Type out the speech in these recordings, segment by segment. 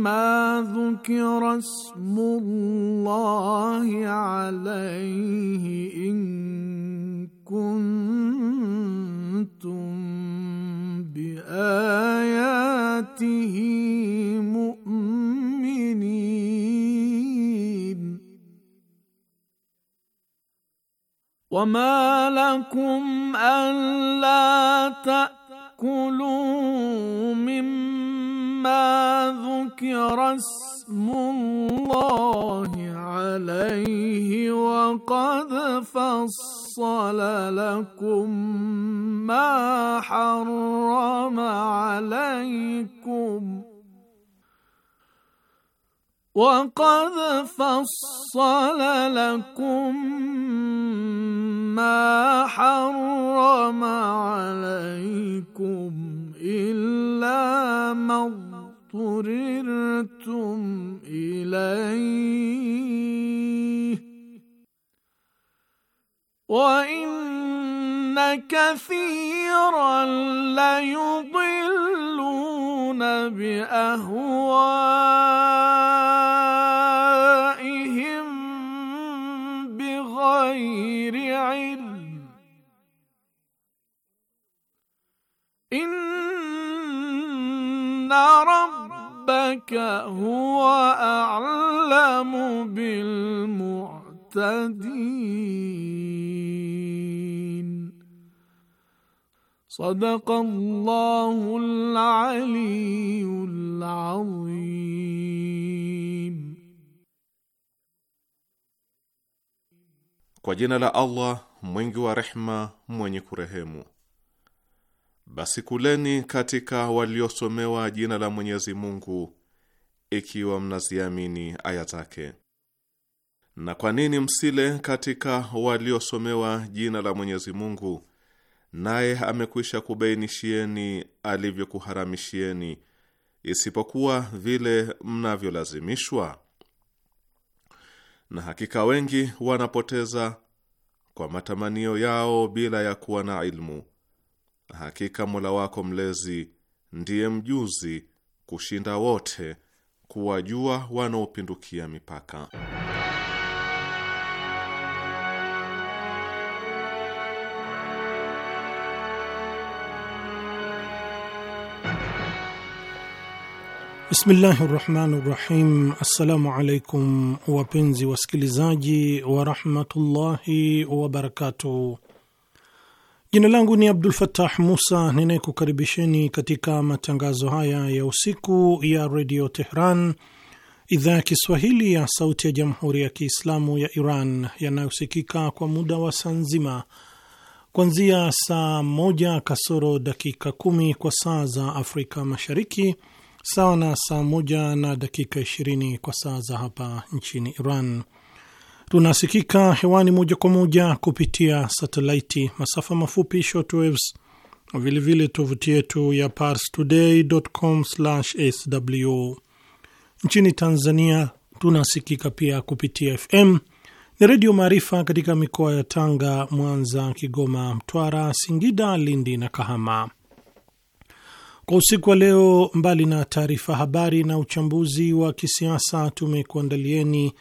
ما ذكر اسم الله عليه إن كنتم بآياته مؤمنين وما لكم ألا تأكلون ذكر اسم الله عليه وقد فصل لكم ما حرم عليكم وقد فصل لكم ما حرم عليكم إلا ما اضطررتم إليه وإن كثيرا ليضلون بأهوائهم بغير علم إن رب ربك هو أعلم بالمعتدين صدق الله العلي العظيم Kwa jina la Allah mwingi wa rehma mwenye kurehemu basi kuleni katika waliosomewa jina la Mwenyezi Mungu ikiwa mnaziamini aya zake. Na kwa nini msile katika waliosomewa jina la Mwenyezi Mungu, naye amekwisha kubainishieni alivyokuharamishieni, isipokuwa vile mnavyolazimishwa? Na hakika wengi wanapoteza kwa matamanio yao bila ya kuwa na ilmu. Hakika Mola wako mlezi ndiye mjuzi kushinda wote kuwajua wanaopindukia mipaka. Bismillahi rahmani rahim. Assalamu alaikum wapenzi wasikilizaji warahmatullahi wabarakatuh. Jina langu ni Abdul fatah Musa ninayekukaribisheni katika matangazo haya ya usiku ya redio Tehran, idhaa ya Kiswahili ya sauti ya jamhuri ya Kiislamu ya Iran, yanayosikika kwa muda wa saa nzima kuanzia saa moja kasoro dakika kumi kwa saa za Afrika Mashariki, sawa na saa moja na dakika ishirini kwa saa za hapa nchini Iran Tunasikika hewani moja kwa moja kupitia satelaiti, masafa mafupi short waves, vilevile tovuti yetu ya parstoday.com/sw. Nchini Tanzania tunasikika pia kupitia FM ni Redio Maarifa katika mikoa ya Tanga, Mwanza, Kigoma, Mtwara, Singida, Lindi na Kahama. Kwa usiku wa leo, mbali na taarifa habari na uchambuzi wa kisiasa, tumekuandalieni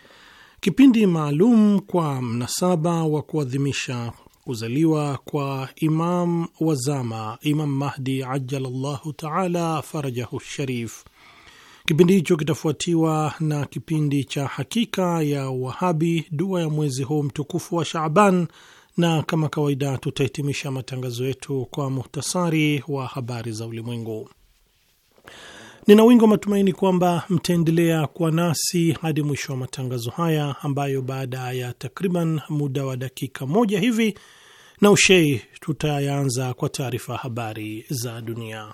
kipindi maalum kwa mnasaba wa kuadhimisha kuzaliwa kwa Imam Wazama, Imam Mahdi ajalallahu taala farajahu sharif. Kipindi hicho kitafuatiwa na kipindi cha Hakika ya Wahabi, dua ya mwezi huu mtukufu wa Shaaban, na kama kawaida tutahitimisha matangazo yetu kwa muhtasari wa habari za ulimwengu. Nina wingi wa matumaini kwamba mtaendelea kuwa nasi hadi mwisho wa matangazo haya ambayo baada ya takriban muda wa dakika moja hivi na ushei tutayaanza kwa taarifa habari za dunia.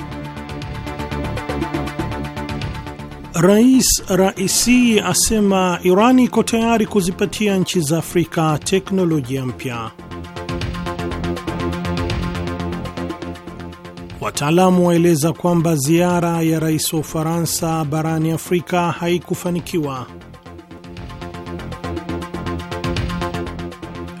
Rais Raisi asema Iran iko tayari kuzipatia nchi za Afrika teknolojia mpya. Wataalamu waeleza kwamba ziara ya rais wa Ufaransa barani Afrika haikufanikiwa.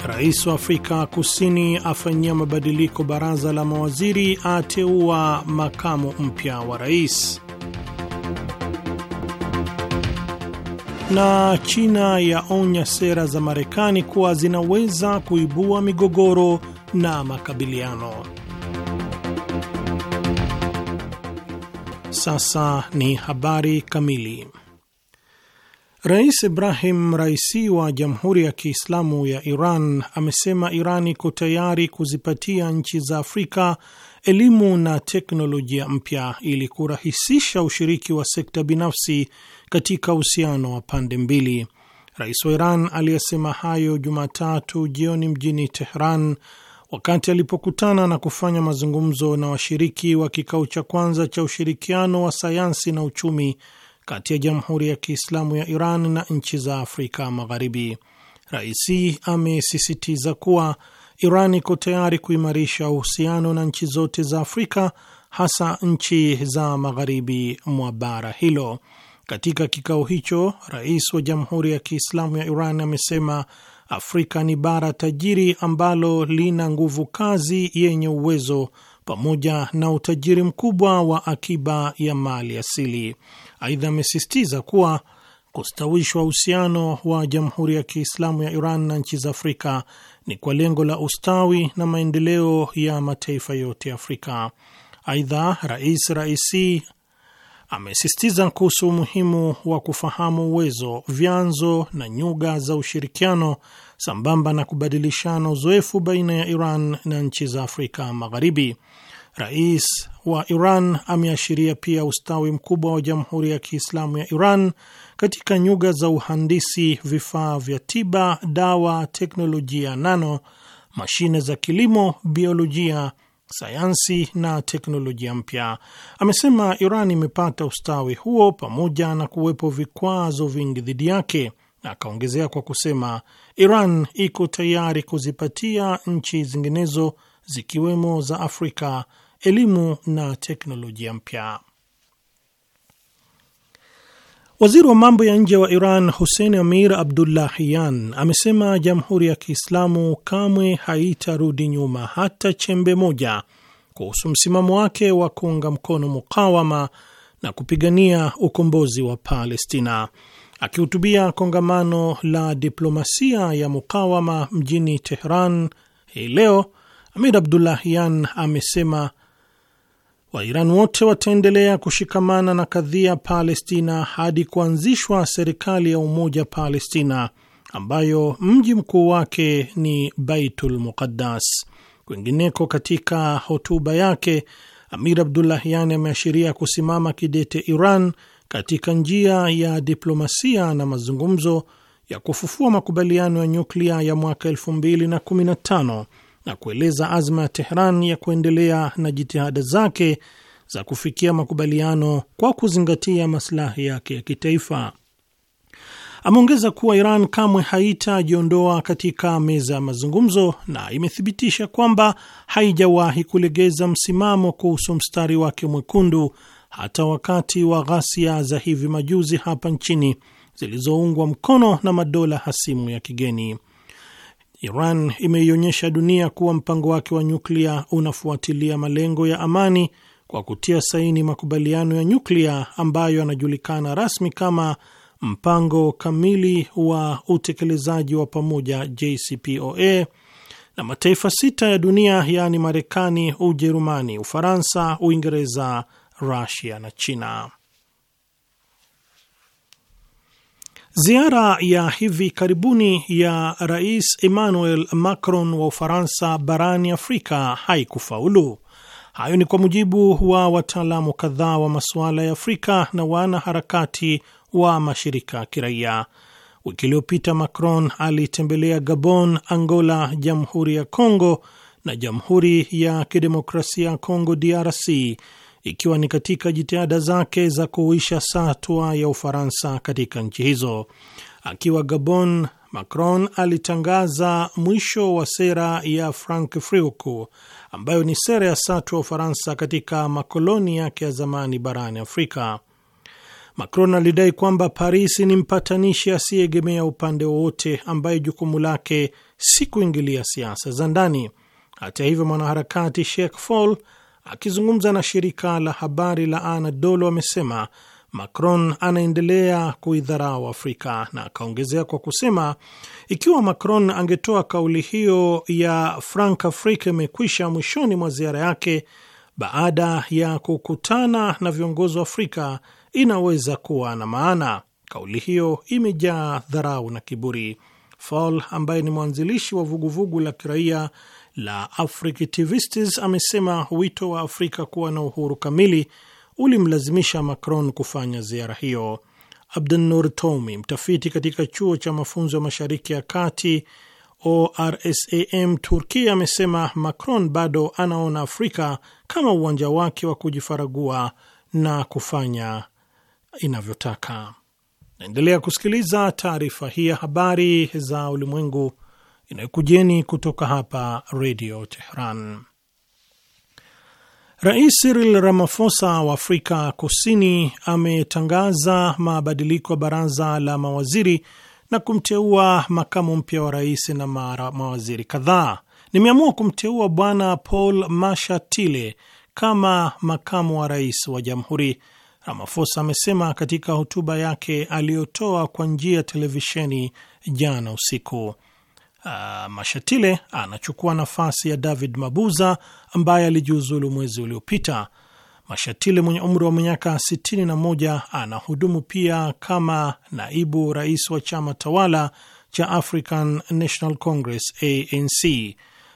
Rais wa Afrika Kusini afanyia mabadiliko baraza la mawaziri, ateua makamu mpya wa rais. na China yaonya sera za Marekani kuwa zinaweza kuibua migogoro na makabiliano. Sasa ni habari kamili. Rais Ibrahim Raisi wa Jamhuri ya Kiislamu ya Iran amesema Iran iko tayari kuzipatia nchi za Afrika elimu na teknolojia mpya ili kurahisisha ushiriki wa sekta binafsi katika uhusiano wa pande mbili. Rais wa Iran aliyesema hayo Jumatatu jioni mjini Tehran wakati alipokutana na kufanya mazungumzo na washiriki wa kikao cha kwanza cha ushirikiano wa sayansi na uchumi kati ya Jamhuri ya Kiislamu ya Iran na nchi za Afrika Magharibi. Raisi amesisitiza kuwa Iran iko tayari kuimarisha uhusiano na nchi zote za Afrika, hasa nchi za magharibi mwa bara hilo. Katika kikao hicho, rais wa Jamhuri ya Kiislamu ya Iran amesema Afrika ni bara tajiri ambalo lina nguvu kazi yenye uwezo pamoja na utajiri mkubwa wa akiba ya mali asili. Aidha, amesisitiza kuwa kustawishwa uhusiano wa Jamhuri ya Kiislamu ya Iran na nchi za Afrika ni kwa lengo la ustawi na maendeleo ya mataifa yote ya Afrika. Aidha, Rais Raisi amesisitiza kuhusu umuhimu wa kufahamu uwezo, vyanzo na nyuga za ushirikiano sambamba na kubadilishana uzoefu baina ya Iran na nchi za Afrika Magharibi. Rais wa Iran ameashiria pia ustawi mkubwa wa Jamhuri ya Kiislamu ya Iran katika nyuga za uhandisi, vifaa vya tiba, dawa, teknolojia nano, mashine za kilimo, biolojia sayansi na teknolojia mpya. Amesema Iran imepata ustawi huo pamoja na kuwepo vikwazo vingi dhidi yake, na akaongezea kwa kusema Iran iko tayari kuzipatia nchi zinginezo zikiwemo za Afrika elimu na teknolojia mpya. Waziri wa mambo ya nje wa Iran Hussein Amir Abdullahian amesema Jamhuri ya Kiislamu kamwe haitarudi nyuma hata chembe moja kuhusu msimamo wake wa kuunga mkono mukawama na kupigania ukombozi wa Palestina. Akihutubia kongamano la diplomasia ya mukawama mjini Tehran hii leo, Amir Abdullahian amesema Wairan wote wataendelea kushikamana na kadhia Palestina hadi kuanzishwa serikali ya umoja Palestina ambayo mji mkuu wake ni Baitul Muqaddas. Kwingineko, katika hotuba yake Amir Abdullahian ameashiria kusimama kidete Iran katika njia ya diplomasia na mazungumzo ya kufufua makubaliano ya nyuklia ya mwaka 2015 na kueleza azma ya Tehran ya kuendelea na jitihada zake za kufikia makubaliano kwa kuzingatia masilahi yake ya kitaifa. Ameongeza kuwa Iran kamwe haitajiondoa katika meza ya mazungumzo na imethibitisha kwamba haijawahi kulegeza msimamo kuhusu mstari wake mwekundu hata wakati wa ghasia za hivi majuzi hapa nchini zilizoungwa mkono na madola hasimu ya kigeni. Iran imeionyesha dunia kuwa mpango wake wa nyuklia unafuatilia malengo ya amani kwa kutia saini makubaliano ya nyuklia ambayo yanajulikana rasmi kama mpango kamili wa utekelezaji wa pamoja JCPOA, na mataifa sita ya dunia yaani Marekani, Ujerumani, Ufaransa, Uingereza, Rusia na China. Ziara ya hivi karibuni ya Rais Emmanuel Macron wa Ufaransa barani Afrika haikufaulu. Hayo ni kwa mujibu wa wataalamu kadhaa wa masuala ya Afrika na wanaharakati wa mashirika ya kiraia. Wiki iliyopita Macron alitembelea Gabon, Angola, Jamhuri ya Kongo na Jamhuri ya Kidemokrasia ya Kongo DRC ikiwa ni katika jitihada zake za kuuisha satwa ya Ufaransa katika nchi hizo. Akiwa Gabon, Macron alitangaza mwisho wa sera ya Francofric ambayo ni sera ya satwa ya Ufaransa katika makoloni yake ya zamani barani Afrika. Macron alidai kwamba Paris ni mpatanishi asiyeegemea upande wowote ambaye jukumu lake si kuingilia siasa za ndani. Hata hivyo, mwanaharakati Sheikh Fall Akizungumza na shirika la habari la Anadolu amesema Macron anaendelea kuidharau Afrika na akaongezea kwa kusema ikiwa Macron angetoa kauli hiyo ya Frank Afrika imekwisha mwishoni mwa ziara yake baada ya kukutana na viongozi wa Afrika inaweza kuwa na maana. Kauli hiyo imejaa dharau na kiburi. Fall ambaye ni mwanzilishi wa vuguvugu la kiraia la Africtivistes amesema wito wa Afrika kuwa na uhuru kamili ulimlazimisha Macron kufanya ziara hiyo. Abdunur Tomi, mtafiti katika chuo cha mafunzo ya mashariki ya kati ORSAM Turkia, amesema Macron bado anaona Afrika kama uwanja wake wa kujifaragua na kufanya inavyotaka. Naendelea kusikiliza taarifa hii ya habari za ulimwengu inayokujeni kutoka hapa Redio Tehran. Rais Cyril Ramaphosa wa Afrika Kusini ametangaza mabadiliko ya baraza la mawaziri na kumteua makamu mpya wa rais na mara mawaziri kadhaa. Nimeamua kumteua Bwana Paul Mashatile kama makamu wa rais wa jamhuri, ramafosa amesema katika hotuba yake aliyotoa kwa njia ya televisheni jana usiku uh, Mashatile anachukua nafasi ya David Mabuza ambaye alijiuzulu mwezi uliopita. Mashatile mwenye umri wa miaka 61 anahudumu pia kama naibu rais wa chama tawala cha African National Congress ANC.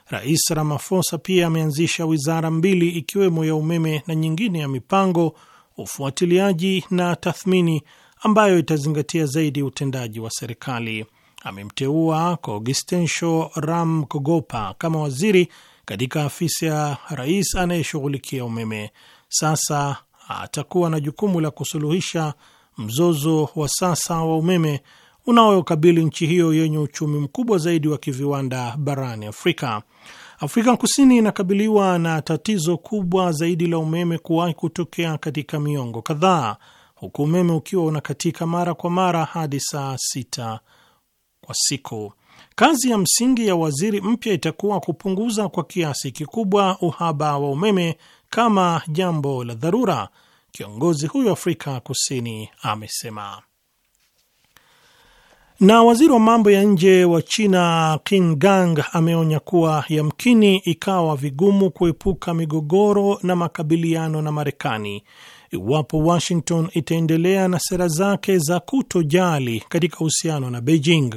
Rais Ramaphosa pia ameanzisha wizara mbili ikiwemo ya umeme na nyingine ya mipango, ufuatiliaji na tathmini ambayo itazingatia zaidi utendaji wa serikali amemteua Kogistensho Ram Kogopa kama waziri katika afisi ya rais anayeshughulikia umeme. Sasa atakuwa na jukumu la kusuluhisha mzozo wa sasa wa umeme unaokabili nchi hiyo yenye uchumi mkubwa zaidi wa kiviwanda barani Afrika. Afrika Kusini inakabiliwa na tatizo kubwa zaidi la umeme kuwahi kutokea katika miongo kadhaa, huku umeme ukiwa unakatika mara kwa mara hadi saa sita kwa siku. Kazi ya msingi ya waziri mpya itakuwa kupunguza kwa kiasi kikubwa uhaba wa umeme kama jambo la dharura, kiongozi huyo Afrika Kusini amesema. Na waziri wa mambo ya nje wa China Qin Gang ameonya kuwa yamkini ikawa vigumu kuepuka migogoro na makabiliano na Marekani iwapo Washington itaendelea na sera zake za kutojali katika uhusiano na Beijing.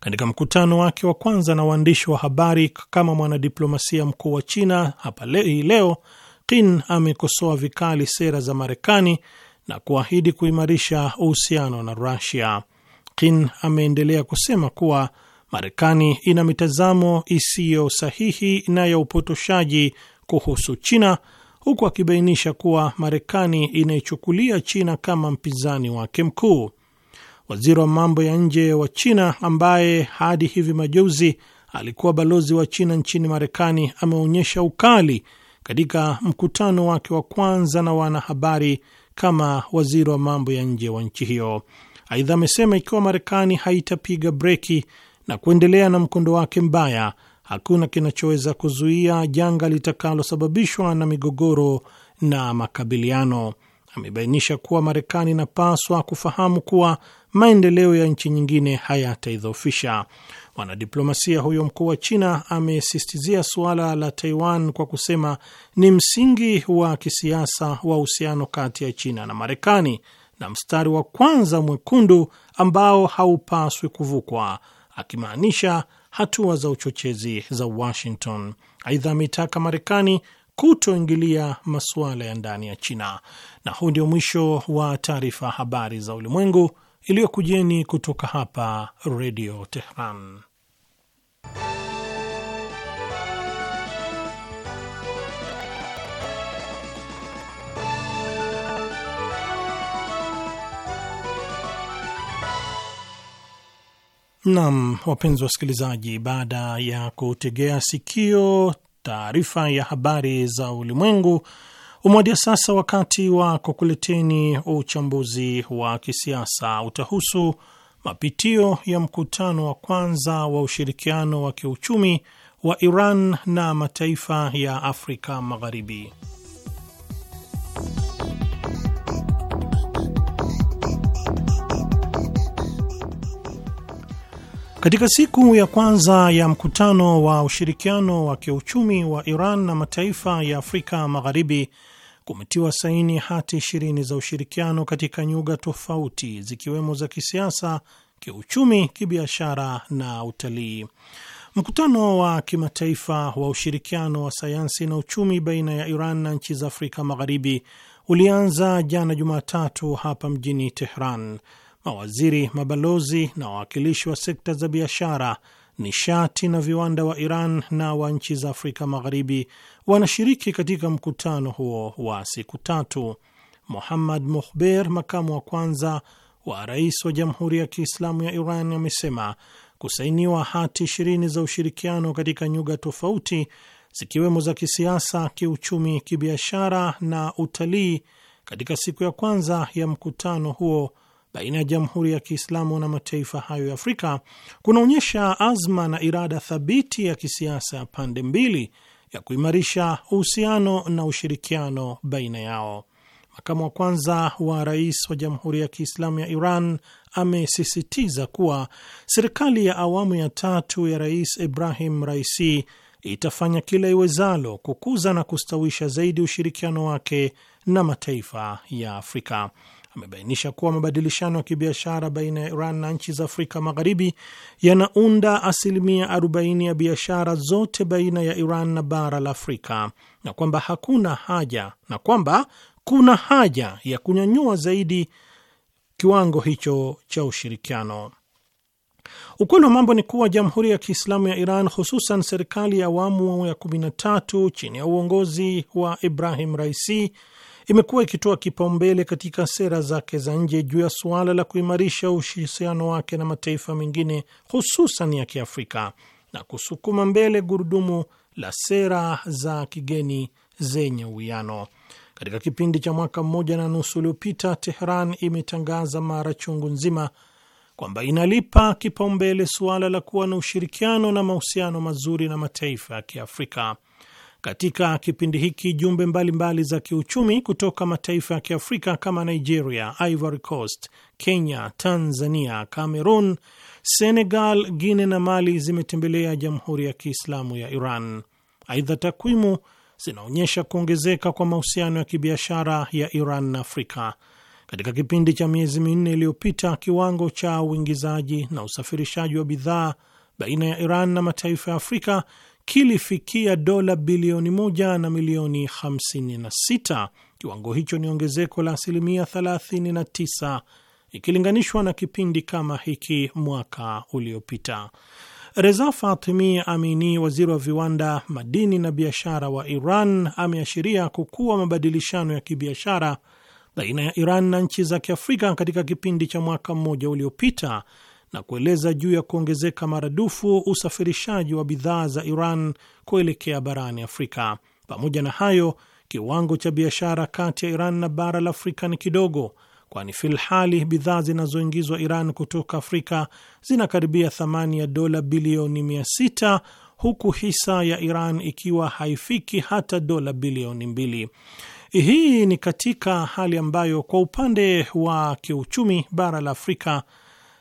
Katika mkutano wake wa kwanza na waandishi wa habari kama mwanadiplomasia mkuu wa China hapa hii leo, Qin amekosoa vikali sera za Marekani na kuahidi kuimarisha uhusiano na Rusia. Qin ameendelea kusema kuwa Marekani ina mitazamo isiyo sahihi na ya upotoshaji kuhusu China, huku akibainisha kuwa Marekani inaichukulia China kama mpinzani wake mkuu. Waziri wa mambo ya nje wa China ambaye hadi hivi majuzi alikuwa balozi wa China nchini Marekani ameonyesha ukali katika mkutano wake wa kwanza na wanahabari kama waziri wa mambo ya nje wa nchi hiyo. Aidha, amesema ikiwa Marekani haitapiga breki na kuendelea na mkondo wake mbaya, hakuna kinachoweza kuzuia janga litakalosababishwa na migogoro na makabiliano. Amebainisha kuwa Marekani inapaswa kufahamu kuwa maendeleo ya nchi nyingine hayataidhofisha Mwanadiplomasia huyo mkuu wa China amesistizia suala la Taiwan kwa kusema ni msingi wa kisiasa wa uhusiano kati ya China na Marekani na mstari wa kwanza mwekundu ambao haupaswi kuvukwa, akimaanisha hatua za uchochezi za Washington. Aidha, ameitaka Marekani kutoingilia masuala ya ndani ya China. Na huu ndio mwisho wa taarifa habari za ulimwengu iliyokujeni kutoka hapa Redio Tehran. Nam, wapenzi wasikilizaji, baada ya kutegea sikio taarifa ya habari za ulimwengu Umewadia sasa wakati wa kukuleteni uchambuzi wa kisiasa. Utahusu mapitio ya mkutano wa kwanza wa ushirikiano wa kiuchumi wa Iran na mataifa ya Afrika Magharibi. Katika siku ya kwanza ya mkutano wa ushirikiano wa kiuchumi wa Iran na mataifa ya Afrika Magharibi kumetiwa saini hati ishirini za ushirikiano katika nyuga tofauti zikiwemo za kisiasa, kiuchumi, kibiashara na utalii. Mkutano wa kimataifa wa ushirikiano wa sayansi na uchumi baina ya Iran na nchi za Afrika Magharibi ulianza jana Jumatatu hapa mjini Tehran. Mawaziri, mabalozi na wawakilishi wa sekta za biashara nishati na viwanda wa Iran na wa nchi za Afrika Magharibi wanashiriki katika mkutano huo wa siku tatu. Muhammad Mukhber, makamu wa kwanza wa rais wa Jamhuri ya Kiislamu ya Iran, amesema kusainiwa hati ishirini za ushirikiano katika nyuga tofauti zikiwemo za kisiasa, kiuchumi, kibiashara na utalii katika siku ya kwanza ya mkutano huo baina ya Jamhuri ya Kiislamu na mataifa hayo ya Afrika kunaonyesha azma na irada thabiti ya kisiasa ya pande mbili ya kuimarisha uhusiano na ushirikiano baina yao. Makamu wa kwanza wa rais wa Jamhuri ya Kiislamu ya Iran amesisitiza kuwa serikali ya awamu ya tatu ya Rais Ibrahim Raisi itafanya kila iwezalo kukuza na kustawisha zaidi ushirikiano wake na mataifa ya Afrika amebainisha kuwa mabadilishano ya kibiashara baina ya Iran na nchi za Afrika Magharibi yanaunda asilimia 40 ya biashara zote baina ya Iran na bara la Afrika na kwamba hakuna haja na kwamba kuna haja ya kunyanyua zaidi kiwango hicho cha ushirikiano. Ukweli wa mambo ni kuwa Jamhuri ya Kiislamu ya Iran, hususan serikali ya awamu ya 13 chini ya uongozi wa Ibrahim Raisi imekuwa ikitoa kipaumbele katika sera zake za nje juu ya suala la kuimarisha ushirikiano wake na mataifa mengine hususan ya Kiafrika na kusukuma mbele gurudumu la sera za kigeni zenye uwiano. Katika kipindi cha mwaka mmoja na nusu uliopita, Tehran imetangaza mara chungu nzima kwamba inalipa kipaumbele suala la kuwa na ushirikiano na mahusiano mazuri na mataifa ya Kiafrika. Katika kipindi hiki jumbe mbalimbali za kiuchumi kutoka mataifa ya Kiafrika kama Nigeria, Ivory Coast, Kenya, Tanzania, Cameroon, Senegal, Guinea na Mali zimetembelea Jamhuri ya Kiislamu ya Iran. Aidha, takwimu zinaonyesha kuongezeka kwa mahusiano ya kibiashara ya Iran na Afrika. Katika kipindi cha miezi minne iliyopita, kiwango cha uingizaji na usafirishaji wa bidhaa baina ya Iran na mataifa ya Afrika kilifikia dola bilioni moja na milioni 56. Kiwango hicho ni ongezeko la asilimia 39 ikilinganishwa na kipindi kama hiki mwaka uliopita. Reza Fatimi Amini, waziri wa viwanda, madini na biashara wa Iran, ameashiria kukua mabadilishano ya kibiashara baina ya Iran na nchi za Kiafrika katika kipindi cha mwaka mmoja uliopita na kueleza juu ya kuongezeka maradufu usafirishaji wa bidhaa za Iran kuelekea barani Afrika. Pamoja na hayo, kiwango cha biashara kati ya Iran na bara la Afrika ni kidogo, kwani filhali bidhaa zinazoingizwa Iran kutoka Afrika zinakaribia thamani ya dola bilioni 600 huku hisa ya Iran ikiwa haifiki hata dola bilioni mbili. Hii ni katika hali ambayo kwa upande wa kiuchumi bara la Afrika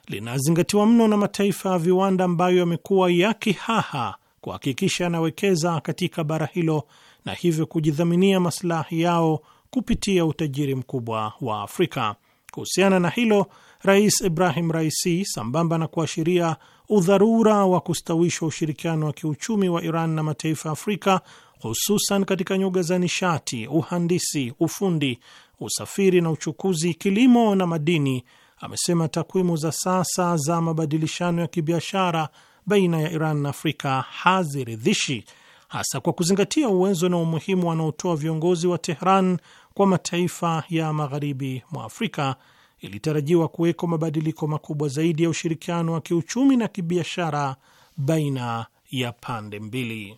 linazingatiwa mno na mataifa ya viwanda ambayo yamekuwa yakihaha kuhakikisha yanawekeza katika bara hilo na hivyo kujidhaminia masilahi yao kupitia utajiri mkubwa wa Afrika. Kuhusiana na hilo, Rais Ibrahim Raisi, sambamba na kuashiria udharura wa kustawishwa ushirikiano wa kiuchumi wa Iran na mataifa ya Afrika, hususan katika nyuga za nishati, uhandisi, ufundi, usafiri na uchukuzi, kilimo na madini amesema takwimu za sasa za mabadilishano ya kibiashara baina ya Iran na Afrika haziridhishi, hasa kwa kuzingatia uwezo na umuhimu wanaotoa viongozi wa Tehran kwa mataifa ya magharibi mwa Afrika. Ilitarajiwa kuweko mabadiliko makubwa zaidi ya ushirikiano wa kiuchumi na kibiashara baina ya pande mbili.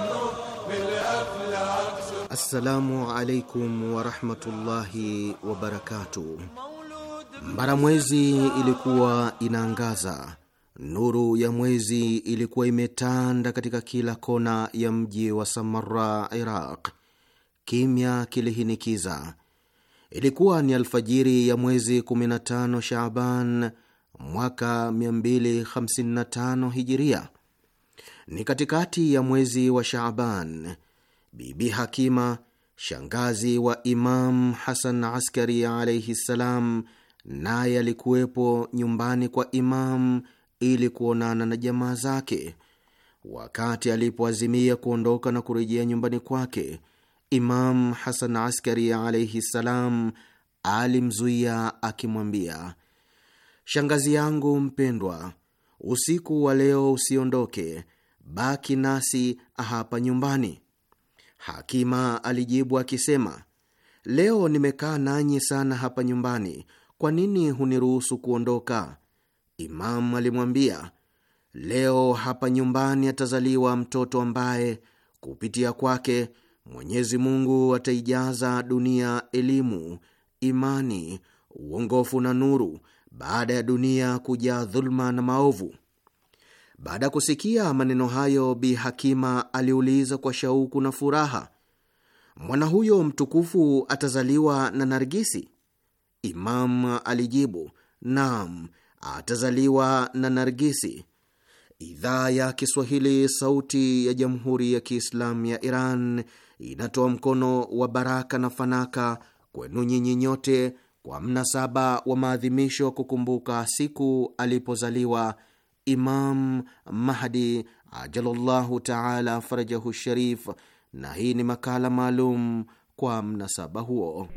Assalamu alaikum warahmatullahi wabarakatuh. mwezi ilikuwa inaangaza, nuru ya mwezi ilikuwa imetanda katika kila kona ya mji wa Samara, Iraq. Kimya kilihinikiza. Ilikuwa ni alfajiri ya mwezi 15 Shaaban mwaka 255 Hijiria, ni katikati ya mwezi wa Shaaban. Bibi Hakima, shangazi wa Imam Hasan Askari alaihi ssalam, naye alikuwepo nyumbani kwa Imam ili kuonana na jamaa zake. Wakati alipoazimia kuondoka na kurejea nyumbani kwake, Imam Hasan Askari alaihi ssalam alimzuia akimwambia, shangazi yangu mpendwa, usiku wa leo usiondoke, baki nasi hapa nyumbani. Hakima alijibu akisema, leo nimekaa nanyi sana hapa nyumbani, kwa nini huniruhusu kuondoka? Imamu alimwambia, leo hapa nyumbani atazaliwa mtoto ambaye kupitia kwake Mwenyezi Mungu ataijaza dunia elimu, imani, uongofu na nuru, baada ya dunia kujaa dhuluma na maovu. Baada ya kusikia maneno hayo, Bi Hakima aliuliza kwa shauku na furaha, mwana huyo mtukufu atazaliwa na Nargisi? Imam alijibu, naam, atazaliwa na Nargisi. Idhaa ya Kiswahili, Sauti ya Jamhuri ya Kiislamu ya Iran inatoa mkono wa baraka na fanaka kwenu nyinyi nyote kwa mnasaba wa maadhimisho kukumbuka siku alipozaliwa Imam Mahdi ajallallahu taala farajahu sharif, na hii ni makala maalum kwa mnasaba huo.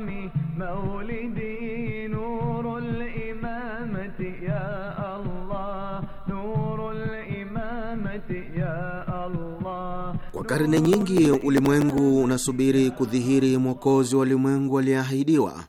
min Kwa karne nyingi ulimwengu unasubiri kudhihiri mwokozi wa ulimwengu aliyeahidiwa.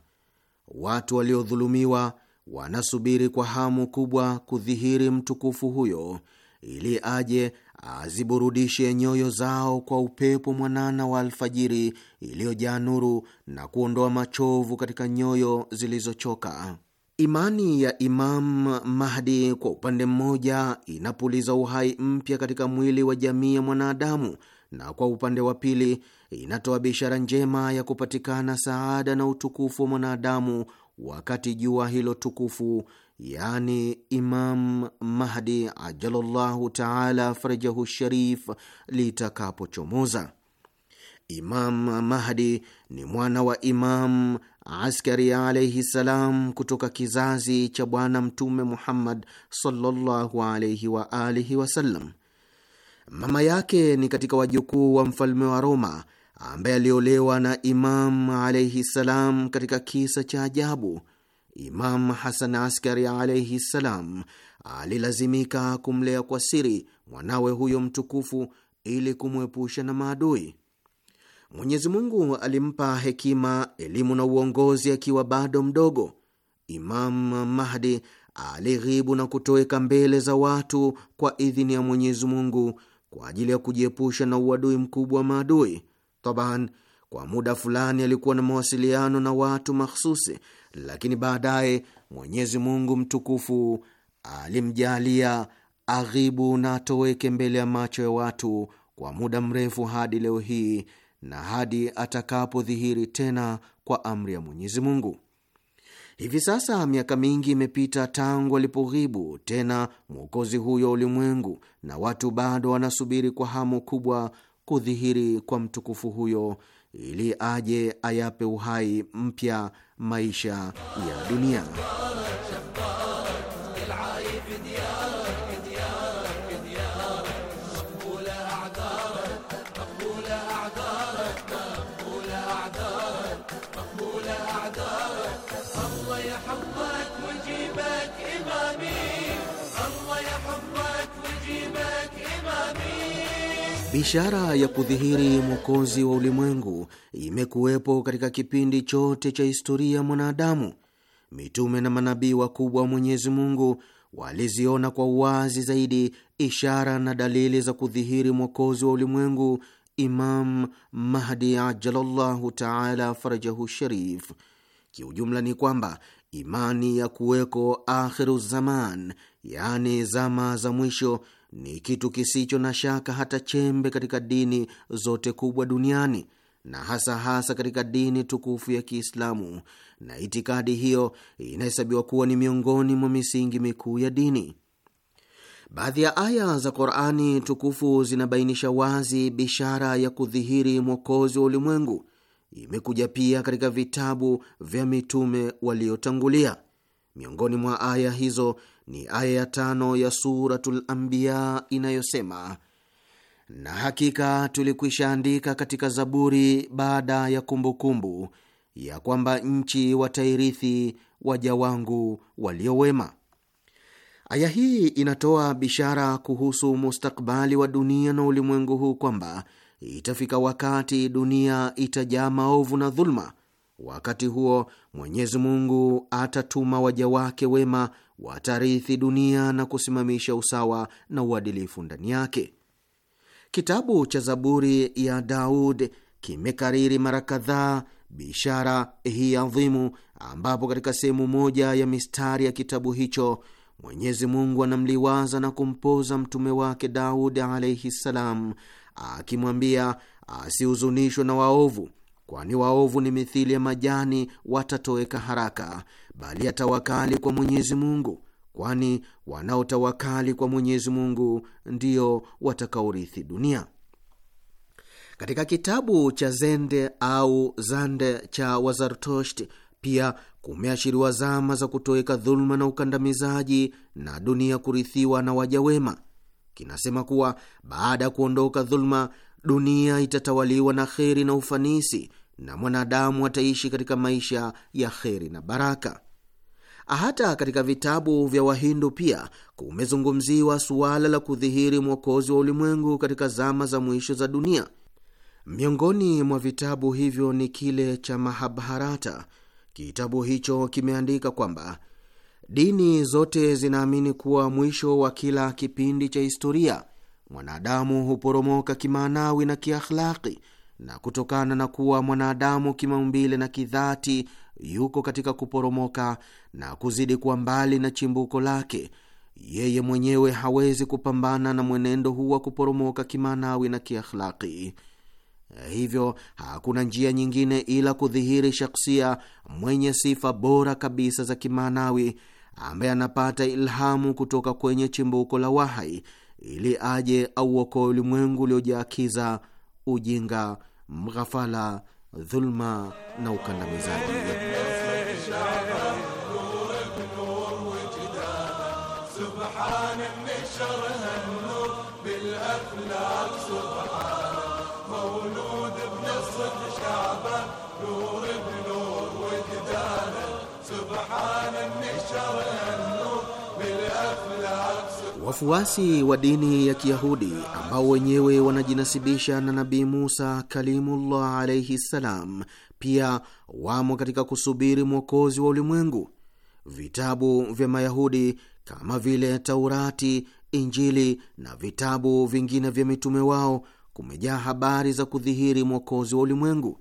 Watu waliodhulumiwa wanasubiri kwa hamu kubwa kudhihiri mtukufu huyo, ili aje aziburudishe nyoyo zao kwa upepo mwanana wa alfajiri iliyojaa nuru na kuondoa machovu katika nyoyo zilizochoka. Imani ya Imam Mahdi kwa upande mmoja inapuliza uhai mpya katika mwili wa jamii ya mwanadamu, na kwa upande wa pili inatoa bishara njema ya kupatikana saada na utukufu wa mwanadamu wakati jua hilo tukufu, yani Imam Mahdi ajalallahu taala farajahu sharif litakapochomoza. Imam Mahdi ni mwana wa Imam Askari alaihi salam kutoka kizazi cha Bwana Mtume Muhammad sallallahu alaihi wa alihi wasallam. Mama yake ni katika wajukuu wa mfalme wa Roma ambaye aliolewa na Imam alaihi salam katika kisa cha ajabu. Imam Hasan Askari alaihi salam alilazimika kumlea kwa siri mwanawe huyo mtukufu ili kumwepusha na maadui. Mwenyezi Mungu alimpa hekima, elimu na uongozi akiwa bado mdogo. Imam Mahdi alighibu na kutoweka mbele za watu kwa idhini ya Mwenyezi Mungu kwa ajili ya kujiepusha na uadui mkubwa wa maadui. Taban, kwa muda fulani alikuwa na mawasiliano na watu mahsusi, lakini baadaye Mwenyezi Mungu mtukufu alimjalia aghibu na atoweke mbele ya macho ya watu kwa muda mrefu hadi leo hii na hadi atakapodhihiri tena kwa amri ya Mwenyezi Mungu. Hivi sasa miaka mingi imepita tangu alipoghibu tena mwokozi huyo ulimwengu, na watu bado wanasubiri kwa hamu kubwa kudhihiri kwa mtukufu huyo ili aje ayape uhai mpya maisha ya dunia. Ishara ya kudhihiri mwokozi wa ulimwengu imekuwepo katika kipindi chote cha historia ya mwanadamu. Mitume na manabii wakubwa wa Mwenyezi Mungu waliziona kwa uwazi zaidi ishara na dalili za kudhihiri mwokozi wa ulimwengu, Imam Mahdi ajalallahu taala farajahu sharif. Kiujumla ni kwamba imani ya kuweko akhiru zaman, yaani zama za mwisho ni kitu kisicho na shaka hata chembe katika dini zote kubwa duniani na hasa hasa katika dini tukufu ya Kiislamu, na itikadi hiyo inahesabiwa kuwa ni miongoni mwa misingi mikuu ya dini. Baadhi ya aya za Qurani tukufu zinabainisha wazi bishara ya kudhihiri mwokozi wa ulimwengu. Imekuja pia katika vitabu vya mitume waliotangulia. Miongoni mwa aya hizo ni aya ya tano ya Suratul Anbiya inayosema na hakika tulikwisha andika katika Zaburi baada ya kumbukumbu kumbu, ya kwamba nchi watairithi waja wangu waliowema. Aya hii inatoa bishara kuhusu mustakbali wa dunia na ulimwengu huu kwamba itafika wakati dunia itajaa maovu na dhuluma. Wakati huo Mwenyezi Mungu atatuma waja wake wema watarithi dunia na kusimamisha usawa na uadilifu ndani yake. Kitabu cha Zaburi ya Daud kimekariri mara kadhaa bishara hii adhimu, ambapo katika sehemu moja ya mistari ya kitabu hicho Mwenyezi Mungu anamliwaza na kumpoza mtume wake Daudi alaihi ssalam, akimwambia asihuzunishwe na waovu kwani waovu ni mithili ya majani, watatoweka haraka, bali atawakali kwa Mwenyezi Mungu, kwani wanaotawakali kwa Mwenyezi Mungu ndio watakaorithi dunia. Katika kitabu cha Zende au Zande cha Wazartosht pia kumeashiriwa zama za kutoweka dhuluma na ukandamizaji na dunia kurithiwa na waja wema. Kinasema kuwa baada ya kuondoka dhuluma, dunia itatawaliwa na kheri na ufanisi na mwanadamu ataishi katika maisha ya kheri na baraka. Hata katika vitabu vya Wahindu pia kumezungumziwa suala la kudhihiri mwokozi wa ulimwengu katika zama za mwisho za dunia. Miongoni mwa vitabu hivyo ni kile cha Mahabharata. Kitabu hicho kimeandika kwamba dini zote zinaamini kuwa mwisho wa kila kipindi cha historia mwanadamu huporomoka kimaanawi na kiakhlaki na kutokana na kuwa mwanadamu kimaumbile na kidhati yuko katika kuporomoka na kuzidi kuwa mbali na chimbuko lake, yeye mwenyewe hawezi kupambana na mwenendo huu wa kuporomoka kimaanawi na kiakhlaki. Hivyo hakuna njia nyingine ila kudhihiri shakhsia mwenye sifa bora kabisa za kimaanawi ambaye anapata ilhamu kutoka kwenye chimbuko la wahai ili aje auokoe ulimwengu uliojaakiza ujinga, mghafala, dhulma na ukandamizaji. سبحان النشر النور بالأفلاق Wafuasi wa dini ya Kiyahudi ambao wenyewe wanajinasibisha na Nabii Musa Kalimullah alaihi ssalam, pia wamo katika kusubiri mwokozi wa ulimwengu. Vitabu vya Mayahudi kama vile Taurati, Injili na vitabu vingine vya mitume wao kumejaa habari za kudhihiri mwokozi wa ulimwengu.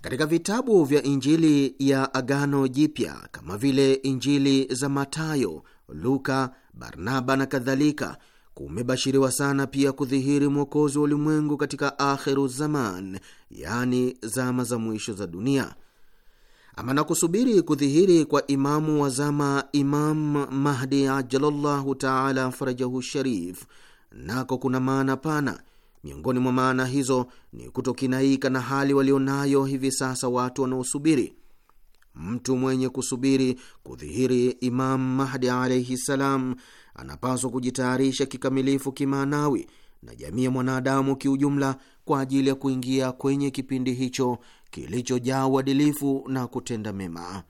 Katika vitabu vya Injili ya Agano Jipya kama vile Injili za Matayo, Luka Barnaba na kadhalika, kumebashiriwa sana pia kudhihiri mwokozi wa ulimwengu katika akhiru zaman, yani zama za mwisho za dunia. Ama na kusubiri kudhihiri kwa imamu wa zama, Imam Mahdi ajalallahu taala farajahu sharif, nako kuna maana pana. Miongoni mwa maana hizo ni kutokinaika na hali walionayo hivi sasa watu wanaosubiri Mtu mwenye kusubiri kudhihiri Imam Mahdi alaihi ssalam anapaswa kujitayarisha kikamilifu kimaanawi na jamii ya mwanadamu kiujumla kwa ajili ya kuingia kwenye kipindi hicho kilichojaa uadilifu na kutenda mema.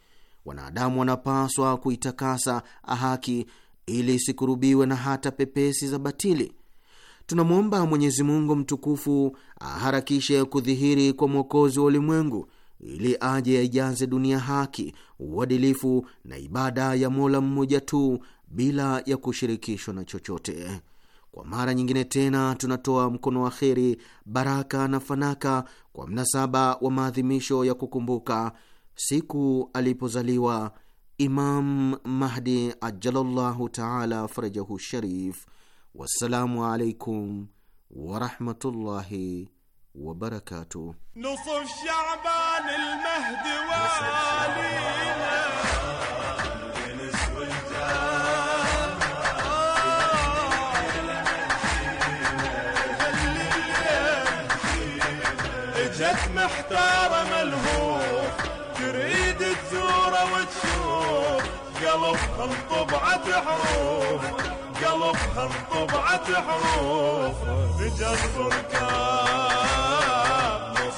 Wanadamu wanapaswa kuitakasa haki ili isikurubiwe na hata pepesi za batili. Tunamwomba Mwenyezi Mungu mtukufu aharakishe kudhihiri kwa mwokozi wa ulimwengu ili aje yaijaze dunia haki, uadilifu na ibada ya Mola mmoja tu bila ya kushirikishwa na chochote. Kwa mara nyingine tena tunatoa mkono wa kheri, baraka na fanaka kwa mnasaba wa maadhimisho ya kukumbuka siku alipozaliwa Imam Mahdi ajalallahu taala farajahu sharif. Wassalamu alaikum warahmatullahi وبركاته نصف شعبان المهدي والينا جت محتارة ملهوف تريد تزوره وتشوف قلبها انطبعت حروف قلبها انطبعت حروف بجر بركان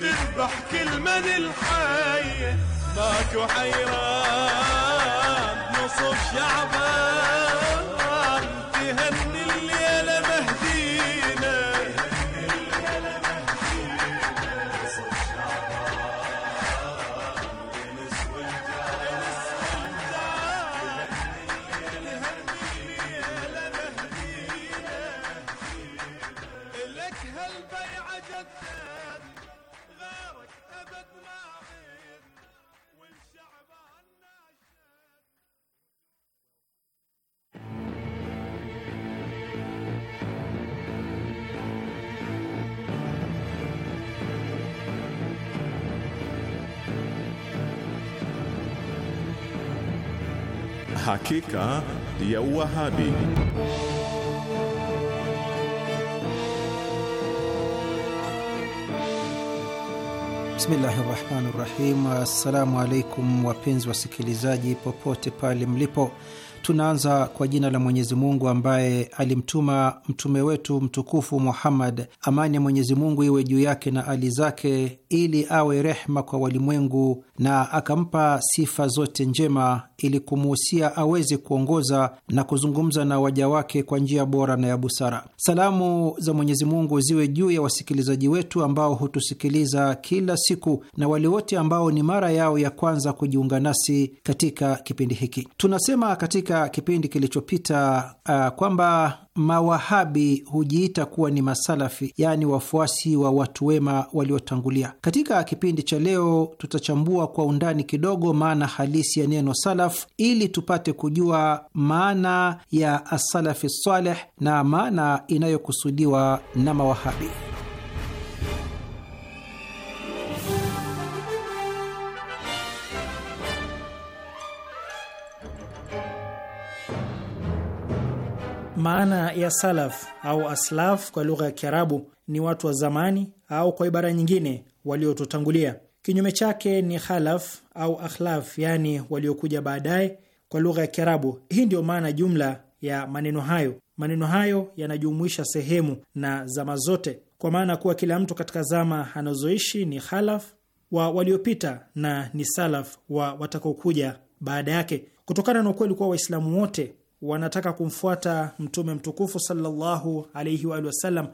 تذبح كل من الحية ماكو حيران نصف شعبان تهنى Hakika ya Uwahabi. Bismillahi rahmani rahim. Assalamu alaikum wapenzi wasikilizaji, popote pale mlipo. Tunaanza kwa jina la Mwenyezi Mungu ambaye alimtuma mtume wetu mtukufu Muhammad, amani ya Mwenyezi Mungu iwe juu yake na ali zake, ili awe rehma kwa walimwengu, na akampa sifa zote njema ili kumuhusia aweze kuongoza na kuzungumza na waja wake kwa njia bora na ya busara. Salamu za Mwenyezi Mungu ziwe juu ya wasikilizaji wetu ambao hutusikiliza kila siku na wale wote ambao ni mara yao ya kwanza kujiunga nasi katika kipindi hiki. Tunasema katika kipindi kilichopita uh, kwamba Mawahabi hujiita kuwa ni masalafi, yaani wafuasi wa watu wema waliotangulia. Katika kipindi cha leo, tutachambua kwa undani kidogo maana halisi ya neno salaf ili tupate kujua maana ya asalafi saleh na maana inayokusudiwa na Mawahabi. Maana ya salaf au aslaf kwa lugha ya Kiarabu ni watu wa zamani au kwa ibara nyingine waliotutangulia. Kinyume chake ni khalaf au akhlaf, yaani waliokuja baadaye kwa lugha ya Kiarabu. Hii ndiyo maana jumla ya maneno hayo. Maneno hayo yanajumuisha sehemu na zama zote, kwa maana kuwa kila mtu katika zama anazoishi ni khalaf wa waliopita na ni salaf wa watakaokuja baada yake, kutokana na ukweli kuwa Waislamu wote wanataka kumfuata mtume mtukufu sallallahu alaihi wa sallam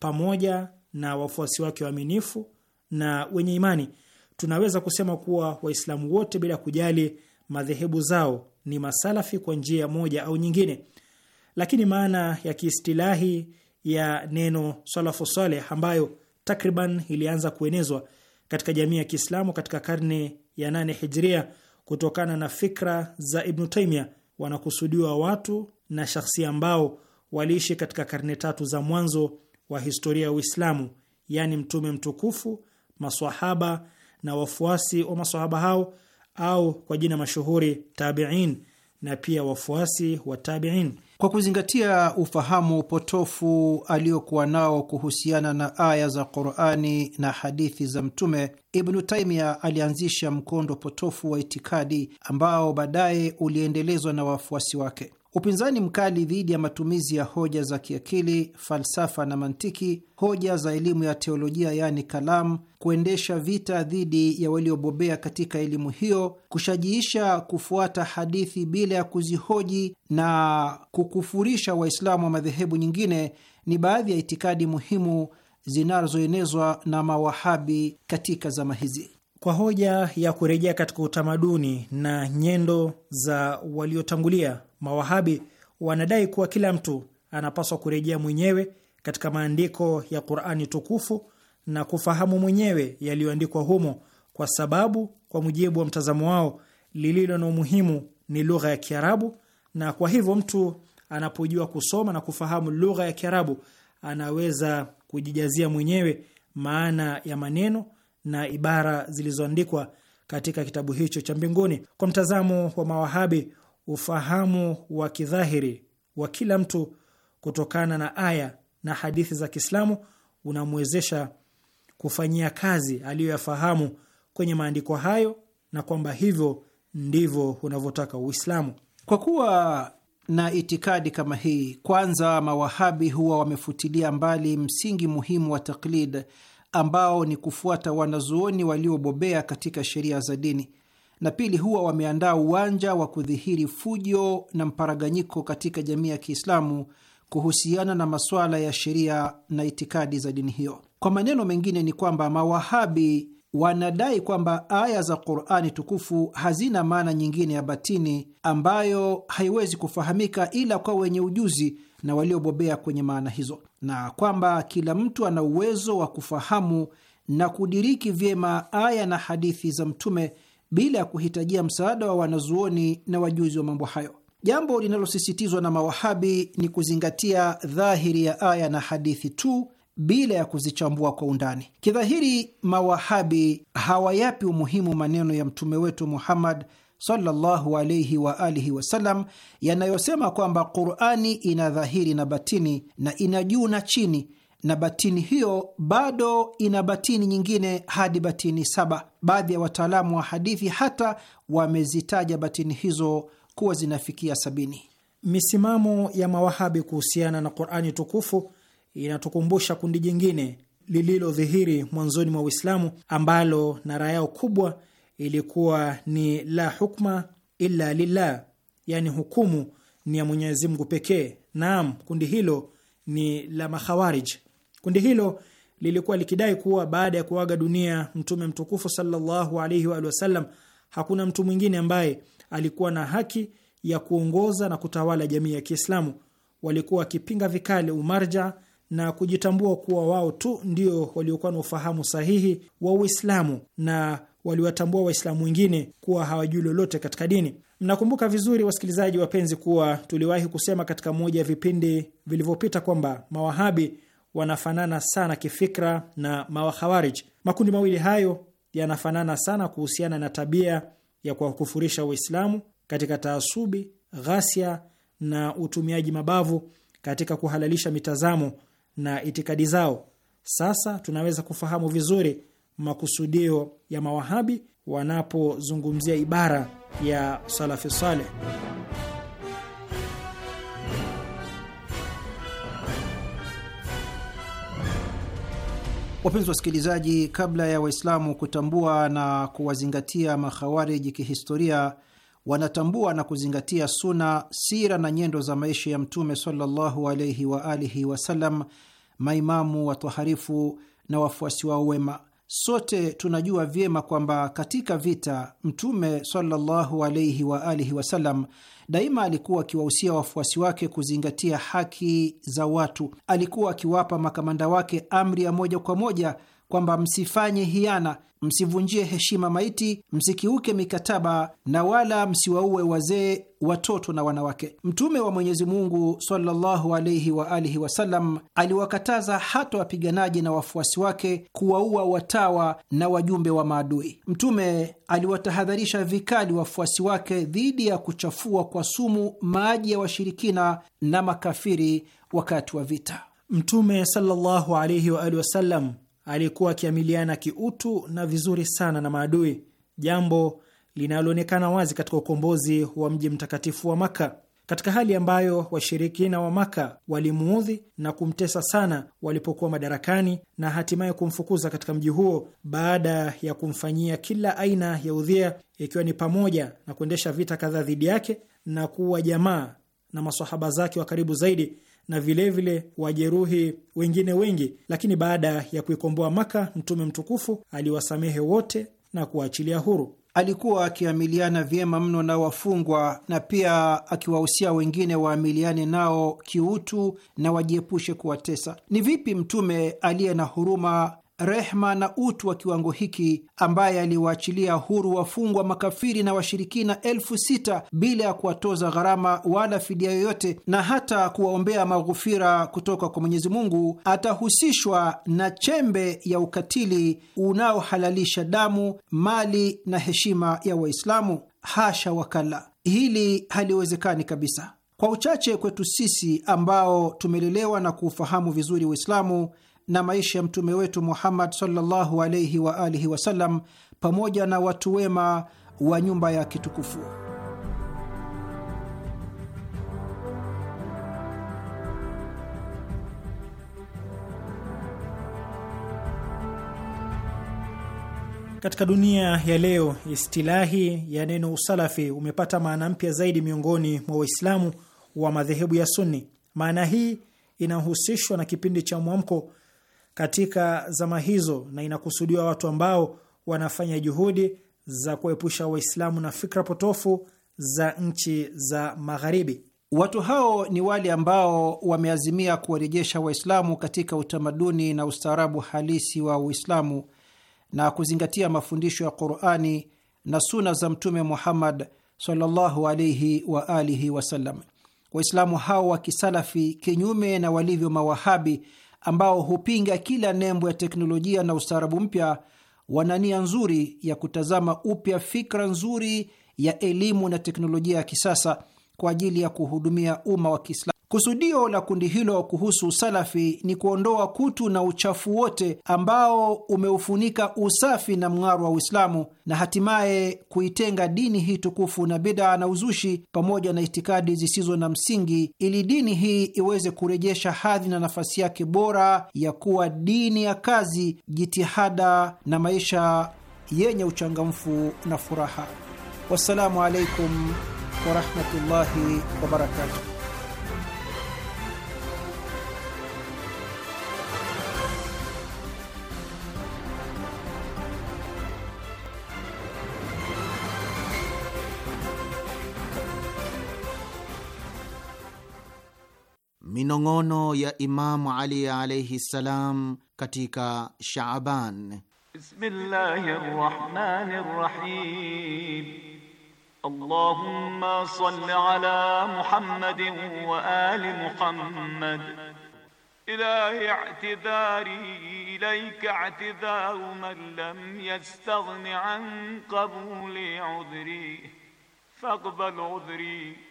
pamoja na wafuasi wake waaminifu na wenye imani. Tunaweza kusema kuwa Waislamu wote bila kujali madhehebu zao ni masalafi kwa njia moja au nyingine, lakini maana ya kiistilahi ya neno salafu saleh ambayo takriban ilianza kuenezwa katika jamii ya Kiislamu katika karne ya nane hijria kutokana na fikra za Ibnu Taimia wanakusudiwa watu na shakhsi ambao waliishi katika karne tatu za mwanzo wa historia ya Uislamu, yaani Mtume mtukufu, maswahaba na wafuasi wa maswahaba hao, au kwa jina mashuhuri tabiin na pia wafuasi wa tabiin. Kwa kuzingatia ufahamu potofu aliokuwa nao kuhusiana na aya za Qurani na hadithi za Mtume, Ibnu Taimia alianzisha mkondo potofu wa itikadi ambao baadaye uliendelezwa na wafuasi wake upinzani mkali dhidi ya matumizi ya hoja za kiakili, falsafa na mantiki, hoja za elimu ya teolojia yaani kalam, kuendesha vita dhidi ya waliobobea katika elimu hiyo, kushajiisha kufuata hadithi bila ya kuzihoji na kukufurisha Waislamu wa madhehebu nyingine ni baadhi ya itikadi muhimu zinazoenezwa na mawahabi katika zama hizi. Kwa hoja ya kurejea katika utamaduni na nyendo za waliotangulia Mawahabi wanadai kuwa kila mtu anapaswa kurejea mwenyewe katika maandiko ya Qur'ani tukufu na kufahamu mwenyewe yaliyoandikwa humo, kwa sababu kwa mujibu wa mtazamo wao, lililo na umuhimu ni lugha ya Kiarabu, na kwa hivyo mtu anapojua kusoma na kufahamu lugha ya Kiarabu anaweza kujijazia mwenyewe maana ya maneno na ibara zilizoandikwa katika kitabu hicho cha mbinguni. Kwa mtazamo wa Mawahabi, ufahamu wa kidhahiri wa kila mtu kutokana na aya na hadithi za Kiislamu unamwezesha kufanyia kazi aliyoyafahamu kwenye maandiko hayo, na kwamba hivyo ndivyo unavyotaka Uislamu. Kwa kuwa na itikadi kama hii, kwanza, mawahabi huwa wamefutilia mbali msingi muhimu wa taklid ambao ni kufuata wanazuoni waliobobea katika sheria za dini na pili, huwa wameandaa uwanja wa kudhihiri fujo na mparaganyiko katika jamii ya Kiislamu kuhusiana na masuala ya sheria na itikadi za dini hiyo. Kwa maneno mengine, ni kwamba mawahabi wanadai kwamba aya za Qurani tukufu hazina maana nyingine ya batini ambayo haiwezi kufahamika ila kwa wenye ujuzi na waliobobea kwenye maana hizo, na kwamba kila mtu ana uwezo wa kufahamu na kudiriki vyema aya na hadithi za Mtume bila ya kuhitajia msaada wa wanazuoni na wajuzi wa mambo hayo. Jambo linalosisitizwa na mawahabi ni kuzingatia dhahiri ya aya na hadithi tu bila ya kuzichambua kwa undani. Kidhahiri, mawahabi hawayapi umuhimu maneno ya mtume wetu Muhammad sallallahu alayhi wa alihi wasallam yanayosema kwamba Qurani ina dhahiri na batini na ina juu na chini na batini hiyo bado ina batini nyingine hadi batini saba. Baadhi ya wataalamu wa hadithi hata wamezitaja batini hizo kuwa zinafikia sabini. Misimamo ya mawahabi kuhusiana na Qur'ani tukufu inatukumbusha kundi jingine lililodhihiri mwanzoni mwa Uislamu ambalo nara yao kubwa ilikuwa ni la hukma illa lillah, yani hukumu ni ya Mwenyezi Mungu pekee. Naam, kundi hilo ni la Makhawarij. Kundi hilo lilikuwa likidai kuwa baada ya kuaga dunia Mtume mtukufu sallallahu alaihi wa sallam, hakuna mtu mwingine ambaye alikuwa na haki ya kuongoza na kutawala jamii ya Kiislamu. Walikuwa wakipinga vikali umarja na kujitambua kuwa wao tu ndio waliokuwa na ufahamu sahihi wa Uislamu na waliwatambua Waislamu wengine kuwa hawajui lolote katika dini. Mnakumbuka vizuri, wasikilizaji wapenzi, kuwa tuliwahi kusema katika moja ya vipindi vilivyopita kwamba mawahabi wanafanana sana kifikra na mawakhawarij. Makundi mawili hayo yanafanana sana kuhusiana na tabia ya kuwakufurisha uislamu katika taasubi, ghasia na utumiaji mabavu katika kuhalalisha mitazamo na itikadi zao. Sasa tunaweza kufahamu vizuri makusudio ya mawahabi wanapozungumzia ibara ya salafi saleh. Wapenzi wasikilizaji, kabla ya Waislamu kutambua na kuwazingatia makhawariji kihistoria, wanatambua na kuzingatia suna, sira na nyendo za maisha ya Mtume sallallahu alaihi waalihi wasalam, maimamu watoharifu na wafuasi wao wema. Sote tunajua vyema kwamba katika vita Mtume sallallahu alaihi wa alihi wasallam daima alikuwa akiwahusia wafuasi wake kuzingatia haki za watu. Alikuwa akiwapa makamanda wake amri ya moja kwa moja kwamba msifanye hiana, msivunjie heshima maiti, msikiuke mikataba na wala msiwaue wazee, watoto na wanawake. Mtume wa Mwenyezi Mungu sallallahu alaihi wa alihi wasallam aliwakataza hata wapiganaji na wafuasi wake kuwaua watawa na wajumbe wa maadui. Mtume aliwatahadharisha vikali wafuasi wake dhidi ya kuchafua kwa sumu maji ya washirikina na makafiri wakati wa vita. Mtume sallallahu alaihi wa alihi wasallam alikuwa akiamiliana kiutu na vizuri sana na maadui, jambo linaloonekana wazi katika ukombozi wa mji mtakatifu wa Maka. Katika hali ambayo washirikina wa Maka walimuudhi na kumtesa sana walipokuwa madarakani na hatimaye kumfukuza katika mji huo baada ya kumfanyia kila aina ya udhia, ikiwa ni pamoja na kuendesha vita kadhaa dhidi yake na kuwa jamaa na masahaba zake wa karibu zaidi na vilevile wajeruhi wengine wengi, lakini baada ya kuikomboa Maka, Mtume mtukufu aliwasamehe wote na kuwaachilia huru. Alikuwa akiamiliana vyema mno na wafungwa na pia akiwahusia wengine waamiliane nao kiutu na wajiepushe kuwatesa. Ni vipi mtume aliye na huruma rehma na utu wa kiwango hiki ambaye aliwaachilia huru wafungwa makafiri na washirikina elfu sita bila ya kuwatoza gharama wala fidia yoyote na hata kuwaombea maghufira kutoka kwa Mwenyezi Mungu, atahusishwa na chembe ya ukatili unaohalalisha damu, mali na heshima ya Waislamu? Hasha wakala, hili haliwezekani kabisa. Kwa uchache kwetu sisi ambao tumelelewa na kuufahamu vizuri Uislamu, na maisha ya mtume wetu Muhammad sallallahu alaihi wa alihi wasallam pamoja na watu wema wa nyumba ya kitukufu. Katika dunia ya leo, istilahi ya neno usalafi umepata maana mpya zaidi miongoni mwa Waislamu wa madhehebu ya Sunni. Maana hii inahusishwa na kipindi cha mwamko katika zama hizo, na inakusudiwa watu ambao wanafanya juhudi za kuepusha Waislamu na fikra potofu za nchi za Magharibi. Watu hao ni wale ambao wameazimia kuwarejesha Waislamu katika utamaduni na ustaarabu halisi wa Uislamu na kuzingatia mafundisho ya Qurani na suna za Mtume Muhammad sallallahu alaihi wa alihi wasallam. Waislamu hao wa kisalafi, kinyume na walivyo mawahabi ambao hupinga kila nembo ya teknolojia na ustaarabu mpya, wana nia nzuri ya kutazama upya fikra nzuri ya elimu na teknolojia ya kisasa kwa ajili ya kuhudumia umma wa Kiislamu. Kusudio la kundi hilo kuhusu Salafi ni kuondoa kutu na uchafu wote ambao umeufunika usafi na mng'aro wa Uislamu na hatimaye kuitenga dini hii tukufu na bidaa na uzushi pamoja na itikadi zisizo na msingi, ili dini hii iweze kurejesha hadhi na nafasi yake bora ya kuwa dini ya kazi, jitihada na maisha yenye uchangamfu na furaha. Wassalamu alaikum warahmatullahi wabarakatuh. minong'ono ya Imamu Ali alaihi ssalam katika Shaaban. Bismillahir Rahmanir rahim. Allahumma salli ala Muhammadin wa ali Muhammad. Ilahi i'tidari ilayka i'tidaru man lam yastaghni an qabuli udhri faqbal udhri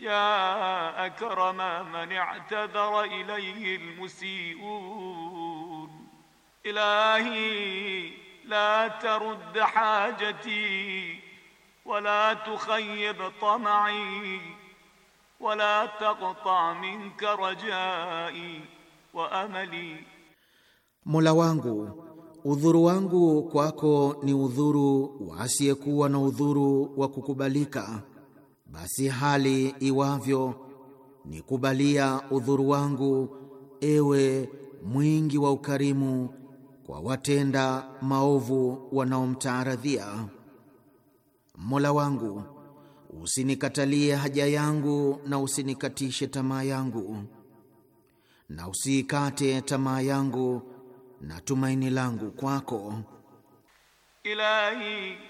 ya akrama man i'tadhara ilayhi almusii'un ilahi la tarudd hajati wala tukhayyib tam'i wala taqta' minka rajai wa amali, Mola wangu udhuru wangu kwako ni udhuru wasiyekuwa na udhuru wa kukubalika basi hali iwavyo nikubalia udhuru wangu, ewe mwingi wa ukarimu kwa watenda maovu wanaomtaaradhia. Mola wangu, usinikatalie haja yangu na usinikatishe tamaa yangu, na usiikate tamaa yangu na tumaini langu kwako Ilahi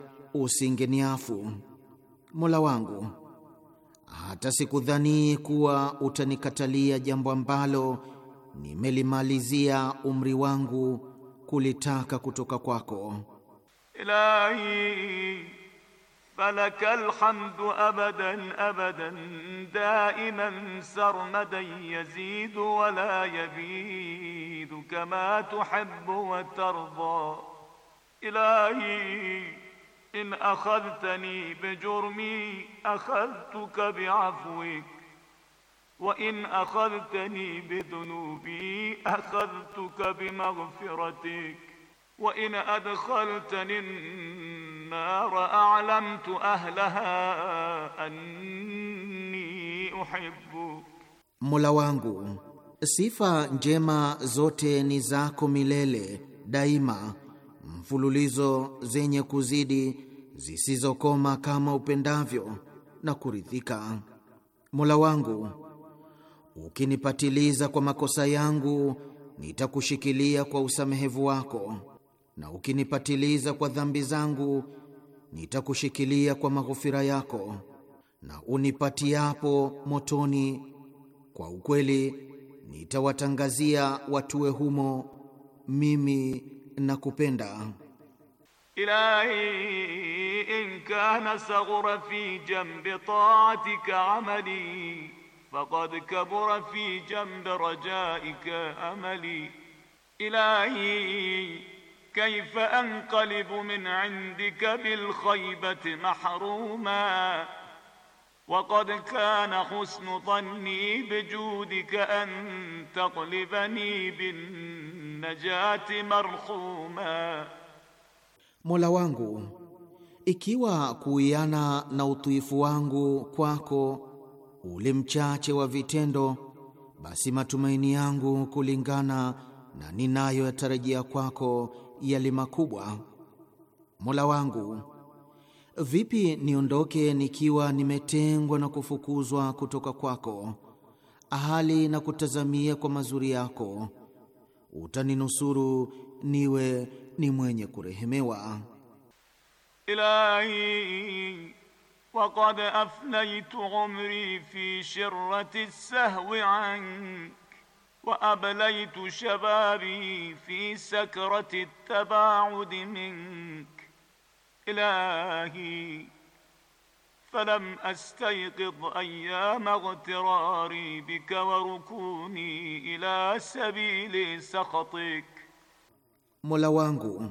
usingeniafu Mola wangu, hata sikudhani kuwa utanikatalia jambo ambalo nimelimalizia umri wangu kulitaka kutoka kwako. Ilahi falakal hamdu abadan abadan daiman sarmadan yazidu wala yabidu kama tuhibbu wa tarda ilahi in akhadhtani bijurmi akhadhtuka bi'afwik wa in akhadhtani bidhunubi akhadhtuka bimaghfiratik wa in adkhaltani an-nar a'lamtu ahlaha anni uhibbuk, Mola wangu sifa njema zote ni zako milele daima mfululizo zenye kuzidi zisizokoma kama upendavyo na kuridhika. Mola wangu, ukinipatiliza kwa makosa yangu nitakushikilia kwa usamehevu wako, na ukinipatiliza kwa dhambi zangu nitakushikilia kwa maghofira yako, na unipatiapo motoni kwa ukweli nitawatangazia watuwe humo mimi nakupenda. إلهي إن كان صغر في جنب طاعتك عملي فقد كبر في جنب رجائك أملي إلهي كيف أنقلب من عندك بالخيبة محروما وقد كان حسن ظني بجودك أن تقلبني بالنجاة مرحوما Mola wangu, ikiwa kuiana na utiifu wangu kwako ule mchache wa vitendo, basi matumaini yangu kulingana na ninayoyatarajia kwako yali makubwa. Mola wangu, vipi niondoke nikiwa nimetengwa na kufukuzwa kutoka kwako, ahali na kutazamia kwa mazuri yako? Utaninusuru niwe ni mwenye kurehemewa. Ilahi waqad afnaytu umri fi shirati sahwi ank wa ablaytu shababi fi sakrati tabaudi mink ilahi فلم أستيقظ أيام اغتراري بك وركوني إلى سبيل سخطك Mola wangu,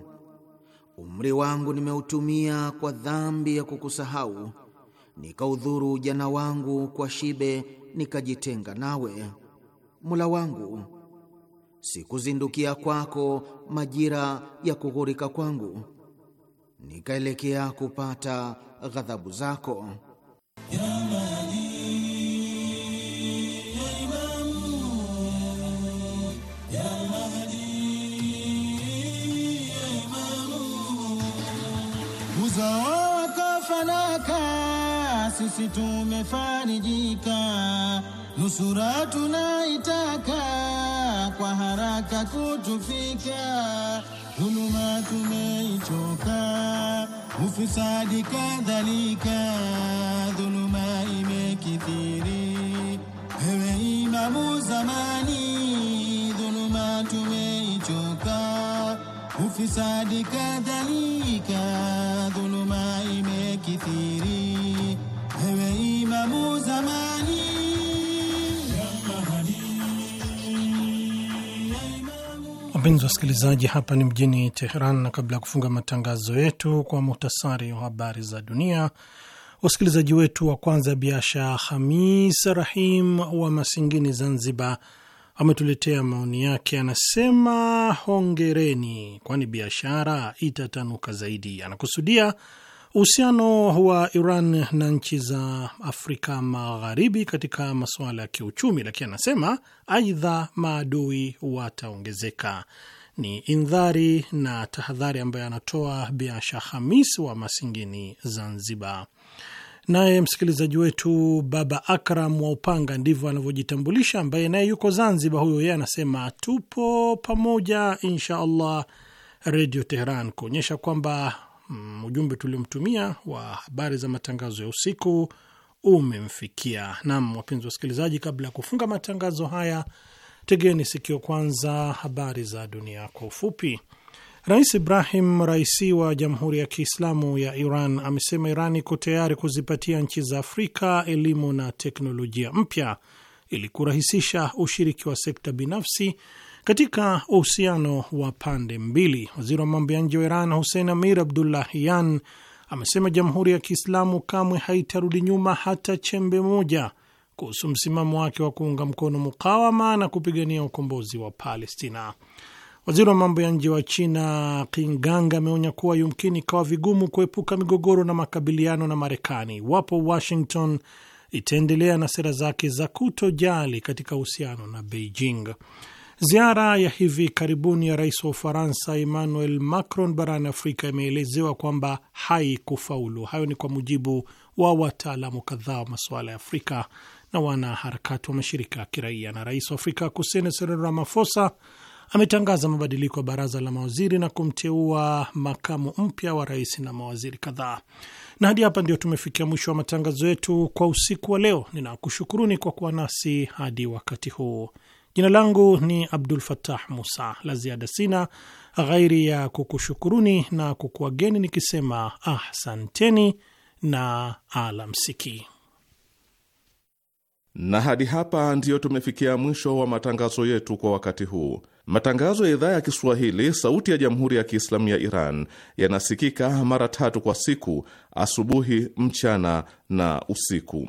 umri wangu nimeutumia kwa dhambi ya kukusahau, nikaudhuru ujana wangu kwa shibe, nikajitenga nawe. Mola wangu, sikuzindukia kwako majira ya kughurika kwangu, nikaelekea kupata ghadhabu zako ya sisi tumefarijika, nusura tunaitaka kwa haraka kutufika, dhuluma tumeichoka, ufisadi kadhalika, dhuluma imekithiri, ewe imamu zamani, dhuluma tumeichoka, ufisadi kadhalika, dhuluma imekithiri Wapenzi wasikilizaji, hapa ni mjini Teheran, na kabla ya kufunga matangazo yetu kwa muhtasari wa habari za dunia, wasikilizaji wetu wa kwanza Biasha Hamis Rahim wa Masingini, Zanzibar, ametuletea maoni yake. Anasema hongereni, kwani biashara itatanuka zaidi. Anakusudia Uhusiano wa Iran na nchi za Afrika Magharibi katika masuala ya kiuchumi, lakini anasema aidha maadui wataongezeka. Ni indhari na tahadhari ambayo anatoa Biasha Hamis wa Masingini, Zanzibar. Naye msikilizaji wetu Baba Akram wa Upanga, ndivyo anavyojitambulisha, ambaye naye yuko Zanzibar. Huyo yeye anasema tupo pamoja insha Allah, Redio Teheran, kuonyesha kwamba Mm, ujumbe tuliomtumia wa habari za matangazo ya usiku umemfikia. Nam, wapenzi wa wasikilizaji, kabla ya kufunga matangazo haya, tegeni sikio kwanza habari za dunia kwa ufupi. Rais Ibrahim Raisi wa Jamhuri ya Kiislamu ya Iran amesema Iran iko tayari kuzipatia nchi za Afrika elimu na teknolojia mpya ili kurahisisha ushiriki wa sekta binafsi katika uhusiano wa pande mbili, waziri wa mambo ya nje wa Iran Hussein Amir Abdullahian amesema Jamhuri ya Kiislamu kamwe haitarudi nyuma hata chembe moja kuhusu msimamo wake wa kuunga mkono mukawama na kupigania ukombozi wa Palestina. Waziri wa mambo ya nje wa China Kinganga ameonya kuwa yumkini ikawa vigumu kuepuka migogoro na makabiliano na Marekani iwapo Washington itaendelea na sera zake za kutojali katika uhusiano na Beijing. Ziara ya hivi karibuni ya rais wa Ufaransa Emmanuel Macron barani Afrika imeelezewa kwamba haikufaulu. Hayo ni kwa mujibu wa wataalamu kadhaa wa masuala ya Afrika na wanaharakati wa mashirika ya kiraia. Na rais wa Afrika Kusini Cyril Ramaphosa ametangaza mabadiliko ya baraza la mawaziri na kumteua makamu mpya wa rais na mawaziri kadhaa. Na hadi hapa ndio tumefikia mwisho wa matangazo yetu kwa usiku wa leo. Ninakushukuruni kwa kuwa nasi hadi wakati huu. Jina langu ni Abdul fatah Musa. La ziada sina ghairi ya kukushukuruni na kukuageni nikisema ahsanteni na alamsiki. Na hadi hapa ndiyo tumefikia mwisho wa matangazo yetu kwa wakati huu. Matangazo ya idhaa ya Kiswahili sauti ya jamhuri ya Kiislamu ya Iran yanasikika mara tatu kwa siku: asubuhi, mchana na usiku.